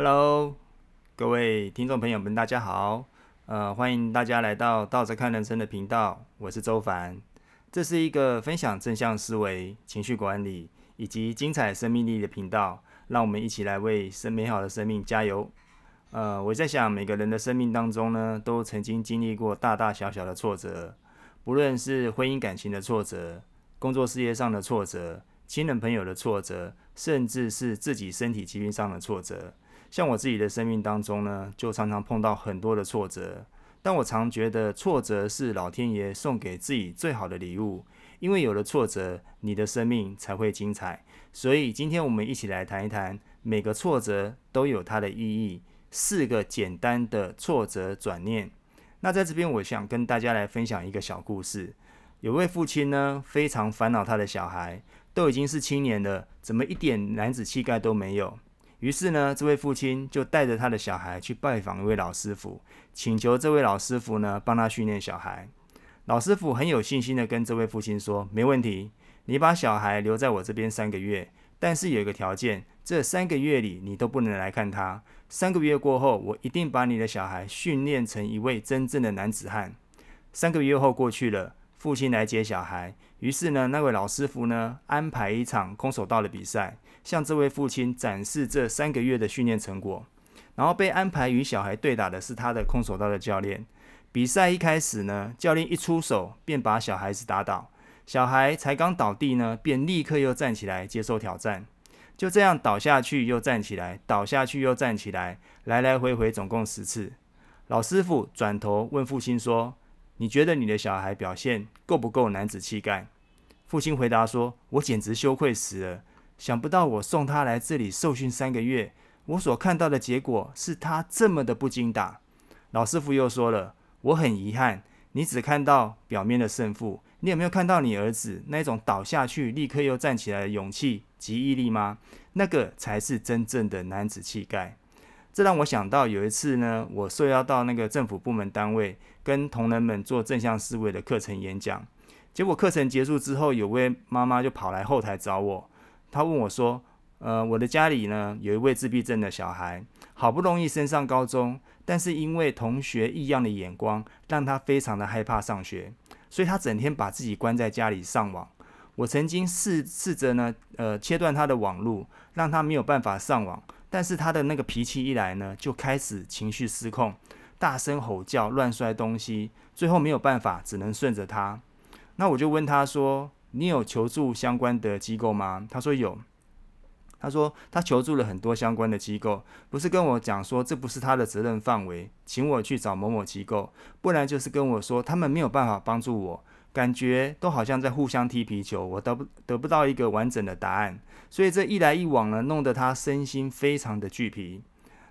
Hello，各位聽眾朋友們，大家好。呃，歡迎大家來到“倒着看人生”的頻道。我是周凡，這是一個分享正向思維、情緒管理以及精彩生命力的頻道。讓我們一起來為生美好的生命加油。呃，我在想，每個人的生命當中呢，都曾經經歷過大大小小的挫折，不論是婚姻感情的挫折、工作事業上的挫折、親人朋友的挫折，甚至是自己身體疾病上的挫折。像我自己的生命當中呢，就常常碰到很多的挫折，但我常覺得挫折是老天爺送給自己最好的禮物，因為有了挫折，你的生命才會精彩。所以今天我們一起來談一談，每個挫折都有它的意義。四個簡單的挫折轉念。那在這邊，我想跟大家來分享一個小故事。有位父親呢，非常煩惱他的小孩，都已經是青年了，怎麼一點男子氣概都沒有？於是呢，這位父親就帶着他的小孩去拜訪一位老師傅，請求這位老師傅呢幫他訓練小孩。老師傅很有信心的跟這位父親說：“沒問題，你把小孩留在我這邊三個月，但是有一個條件，這三個月裡你都不能來看他。三個月過後，我一定把你的小孩訓練成一位真正的男子漢。”三個月後過去了，父親來接小孩。於是呢，那位老師傅呢，安排一場空手道的比賽，向這位父親展示這三個月的訓練成果。然後被安排與小孩對打的是他的空手道的教練。比賽一開始呢，教練一出手便把小孩子打倒。小孩才剛倒地呢，便立刻又站起來接受挑戰。就這樣倒下去又站起來，倒下去又站起來，來來回回總共十次。老師傅轉頭問父親說：你覺得你的小孩表現夠不夠男子氣概？父親回答說：“我簡直羞愧死了，想不到我送他來這裡受訓三個月，我所看到的結果是他這麼的不經打。”老師傅又說了：“我很遺憾，你只看到表面的勝負，你有沒有看到你兒子那種倒下去立刻又站起來的勇氣及毅力嗎？那個才是真正的男子氣概。”這讓我想到有一次呢，我受邀到那個政府部門單位，跟同仁們做正向思維的課程演講。結果課程結束之後，有位媽媽就跑來後台找我，她問我說：“呃，我的家裡呢，有一位自閉症的小孩，好不容易升上高中，但是因為同學異樣的眼光，讓他非常的害怕上學，所以他整天把自己關在家裡上網。我曾經試試着呢，呃，切斷他的網路，讓他沒有辦法上網。”但是他的那個脾氣一來呢，就開始情緒失控，大聲吼叫，亂摔東西，最後沒有辦法，只能順着他。那我就問他說：“你有求助相關的機構嗎？”他說有。他說他求助了很多相關的機構，不是跟我講說這不是他的責任範圍，請我去找某某機構，不然就是跟我說他們沒有辦法幫助我。感覺都好像在互相踢皮球，我得不得不到一個完整的答案，所以這一來一往呢，弄得他身心非常的俱疲。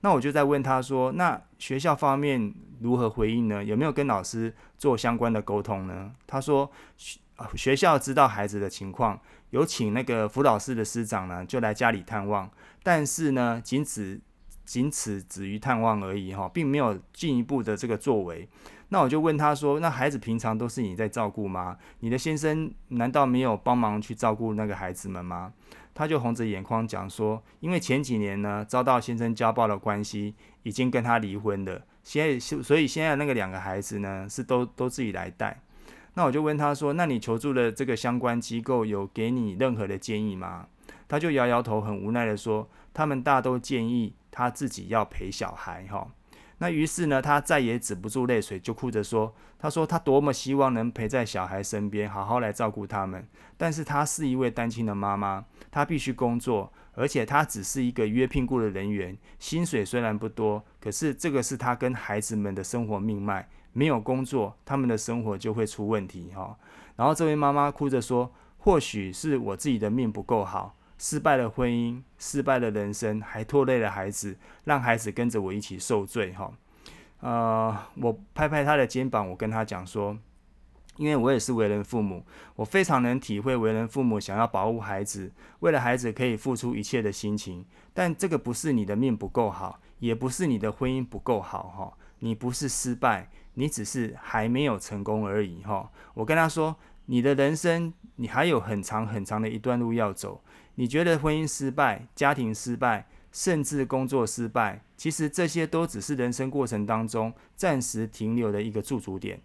那我就在問他說：“那學校方面如何回應呢？有沒有跟老師做相關的溝通呢？”他說：“學學校知道孩子的情況，有請那個輔導室的師長呢，就來家裡探望，但是呢，僅此……”僅此止於探望而已哈，並沒有進一步的這個作為。那我就問他說：“那孩子平常都是你在照顧嗎？你的先生難道沒有幫忙去照顧那個孩子們嗎？”他就紅着眼眶講說：“因為前幾年呢，遭到先生家暴的關係，已經跟他離婚了。現在所以現在那個兩個孩子呢，是都都自己來帶。”那我就問他說：“那你求助的這個相關機構有給你任何的建議嗎？”他就搖搖頭，很無奈的說：“他們大都建議他自己要陪小孩哈、哦。那於是呢，他再也止不住淚水，就哭着說：他說他多麼希望能陪在小孩身邊，好好來照顧他們。但是，他是一位單親的媽媽，她必須工作，而且她只是一個約聘僱的人員，薪水雖然不多，可是這個是她跟孩子們的生活命脈。沒有工作，他們的生活就會出問題哈、哦。然後，這位媽媽哭着說：或許是我自己的命不夠好。”失敗的婚姻，失敗的人生，還拖累了孩子，讓孩子跟着我一起受罪。哈，呃，我拍拍他的肩膀，我跟他講說，因為我也是為人父母，我非常能體會為人父母想要保護孩子，為了孩子可以付出一切的心情。但這個不是你的命不夠好,也不是你的婚姻不夠好。哈，你不是失敗，你只是還沒有成功而已。哈，我跟他說，你的人生，你還有很長很長的一段路要走。你覺得婚姻失敗、家庭失敗，甚至工作失敗，其實這些都只是人生過程當中暫時停留的一個駐足點，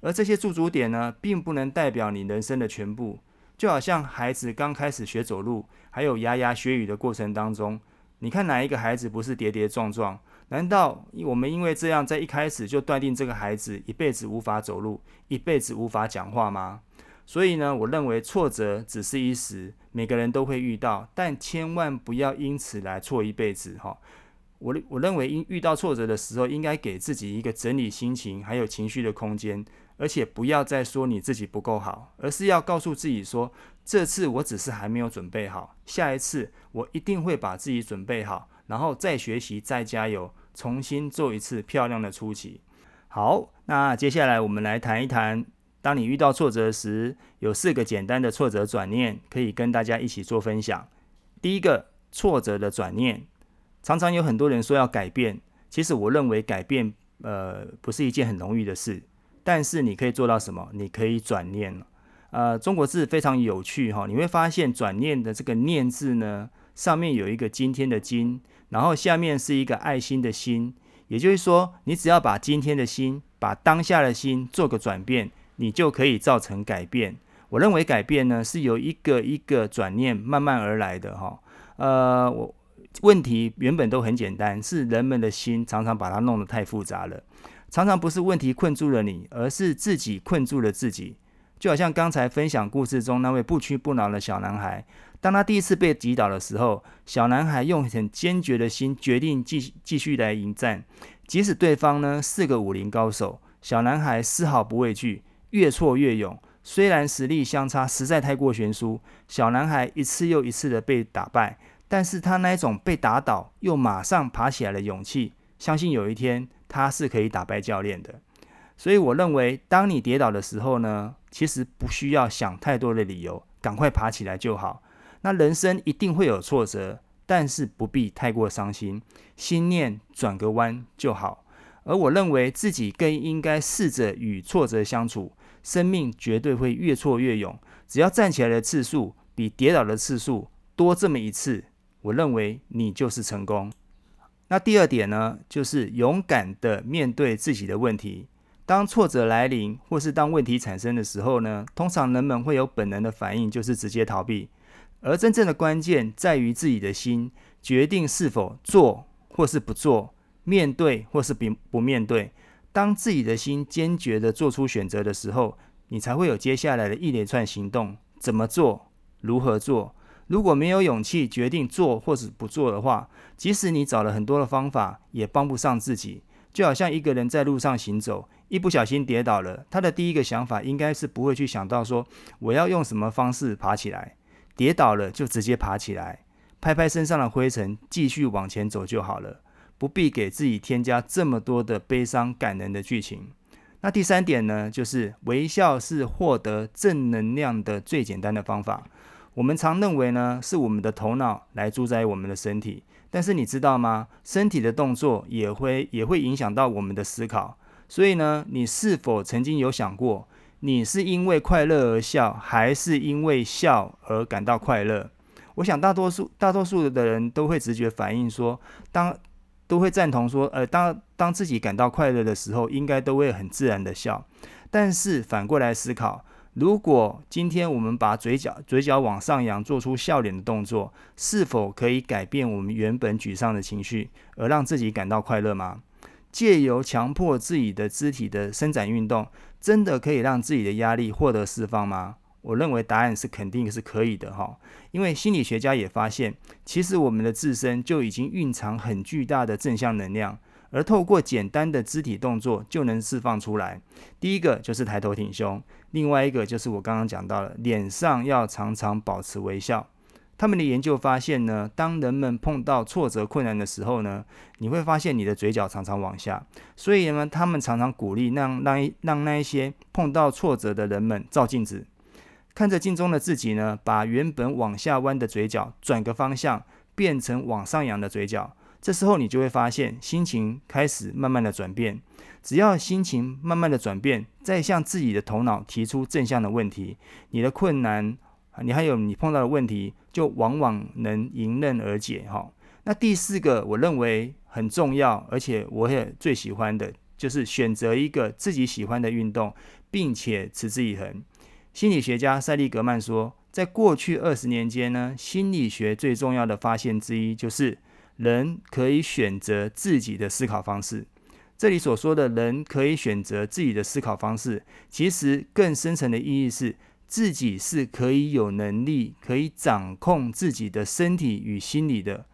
而這些駐足點呢，並不能代表你人生的全部。就好像孩子剛開始學走路，還有牙牙學語的過程當中，你看哪一個孩子不是跌跌撞撞？難道我們因為這樣，在一開始就斷定這個孩子一輩子無法走路，一輩子無法講話嗎？所以呢，我認為挫折只是一時，每個人都會遇到，但千萬不要因此來錯一輩子哈。我我認為，應遇到挫折的時候，應該給自己一個整理心情還有情緒的空間，而且不要再說你自己不夠好，而是要告訴自己說，這次我只是還沒有準備好，下一次我一定會把自己準備好，然後再學習，再加油，重新做一次漂亮的出擊。好，那接下來我們來談一談。當你遇到挫折時，有四個簡單的挫折轉念可以跟大家一起做分享。第一個挫折的轉念，常常有很多人說要改變，其實我認為改變，呃，不是一件很容易的事。但是你可以做到什麼？你可以轉念。呃，中國字非常有趣哈、哦，你會發現轉念的這個念字呢，上面有一個今天的今，然後下面是一個愛心的心，也就是說，你只要把今天的心，把當下的心做個轉變。你就可以造成改變。我認為改變呢，是由一個一個轉念慢慢而來的哈。呃，我問題原本都很簡單，是人們的心常常把它弄得太複雜了。常常不是問題困住了你，而是自己困住了自己。就好像剛才分享故事中那位不屈不撓的小男孩，當他第一次被擊倒的時候，小男孩用很堅決的心決定繼繼續來迎戰，即使對方呢，是個武林高手，小男孩絲毫不畏懼。越挫越勇，雖然實力相差實在太過懸殊，小男孩一次又一次的被打敗，但是他那種被打倒又馬上爬起來的勇氣，相信有一天他是可以打敗教練的。所以我認為，當你跌倒的時候呢，其實不需要想太多的理由，趕快爬起來就好。那人生一定會有挫折，但是不必太過傷心，心念轉個彎就好。而我認為自己更應該試着與挫折相處。生命絕對會越挫越勇，只要站起來的次數比跌倒的次數多這麼一次，我認為你就是成功。那第二點呢，就是勇敢地面對自己的問題。當挫折來臨，或是當問題產生的時候呢，通常人們會有本能的反應，就是直接逃避。而真正的關鍵在於自己的心，決定是否做或是不做，面對或是不面對。當自己的心堅決地做出選擇的時候，你才會有接下來的一連串行動。怎麼做？如何做？如果沒有勇氣決定做或者不做的話，即使你找了很多的方法，也幫不上自己。就好像一個人在路上行走，一不小心跌倒了，他的第一個想法應該是不會去想到說我要用什麼方式爬起來。跌倒了就直接爬起來，拍拍身上的灰塵，繼續往前走就好了。不必給自己添加這麼多的悲傷、感人的劇情。那第三點呢，就是微笑是獲得正能量的最簡單的方法。我們常認為呢，是我們的頭腦來主宰我們的身體，但是你知道嗎？身體的動作也會也會影響到我們的思考。所以呢，你是否曾經有想過，你是因為快樂而笑，還是因為笑而感到快樂？我想大多數大多數的人都會直覺反應說，當都會贊同說，呃，當當自己感到快樂的時候，應該都會很自然的笑。但是反過來思考，如果今天我們把嘴角嘴角往上揚，做出笑臉的動作，是否可以改變我們原本沮喪的情緒，而讓自己感到快樂嗎？借由強迫自己的肢體的伸展運動，真的可以讓自己的壓力獲得釋放嗎？我認為答案是肯定是可以的，哈，因為心理學家也發現，其實我們的自身就已經蘊藏很巨大的正向能量，而透過簡單的肢體動作就能釋放出來。第一個就是抬頭挺胸，另外一個就是我剛剛講到了，臉上要常常保持微笑。他們的研究發現呢，當人們碰到挫折困難的時候呢，你會發現你的嘴角常常往下，所以呢，他們常常鼓勵讓讓讓那一些碰到挫折的人們照鏡子。看着鏡中的自己呢，把原本往下彎的嘴角轉個方向，變成往上揚的嘴角。這時候你就會發現，心情開始慢慢的轉變。只要心情慢慢的轉變，再向自己的頭腦提出正向的問題，你的困難，你還有你碰到的問題，就往往能迎刃而解哈。那第四個，我認為很重要，而且我也最喜歡的就是選擇一個自己喜歡的運動，並且持之以恆。心理學家塞利格曼說，在過去二十年間呢，心理學最重要的發現之一就是，人可以選擇自己的思考方式。這裡所說的人可以選擇自己的思考方式，其實更深層的意義是，自己是可以有能力可以掌控自己的身體與心理的。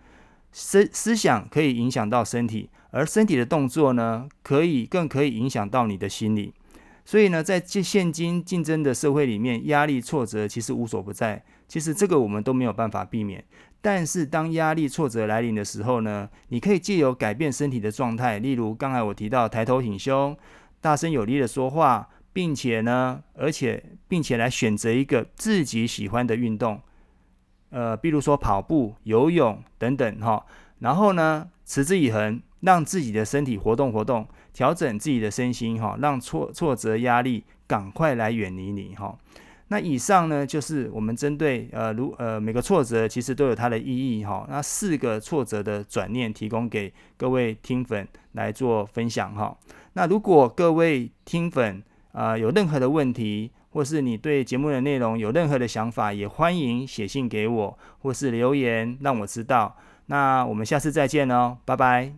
思思想可以影響到身體，而身體的動作呢，可以更可以影響到你的心理。所以呢，在現現今競爭的社會裡面，壓力挫折其實無所不在。其實這個我們都沒有辦法避免。但是當壓力挫折來臨的時候呢，你可以借由改變身體的狀態，例如剛才我提到抬頭挺胸、大聲有力的說話，並且呢，而且並且來選擇一個自己喜歡的運動，呃，比如說跑步、游泳等等哈。然後呢，持之以恆。讓自己的身體活動活動，調整自己的身心哈，讓挫挫折、壓力趕快來遠離你哈。那以上呢，就是我們針對呃，如呃每個挫折其實都有它的意義哈。那四個挫折的轉念，提供給各位聽粉來做分享哈。那如果各位聽粉啊、呃、有任何的問題，或是你對節目的內容有任何的想法，也歡迎寫信給我，或是留言讓我知道。那我們下次再見嘍、哦，拜拜。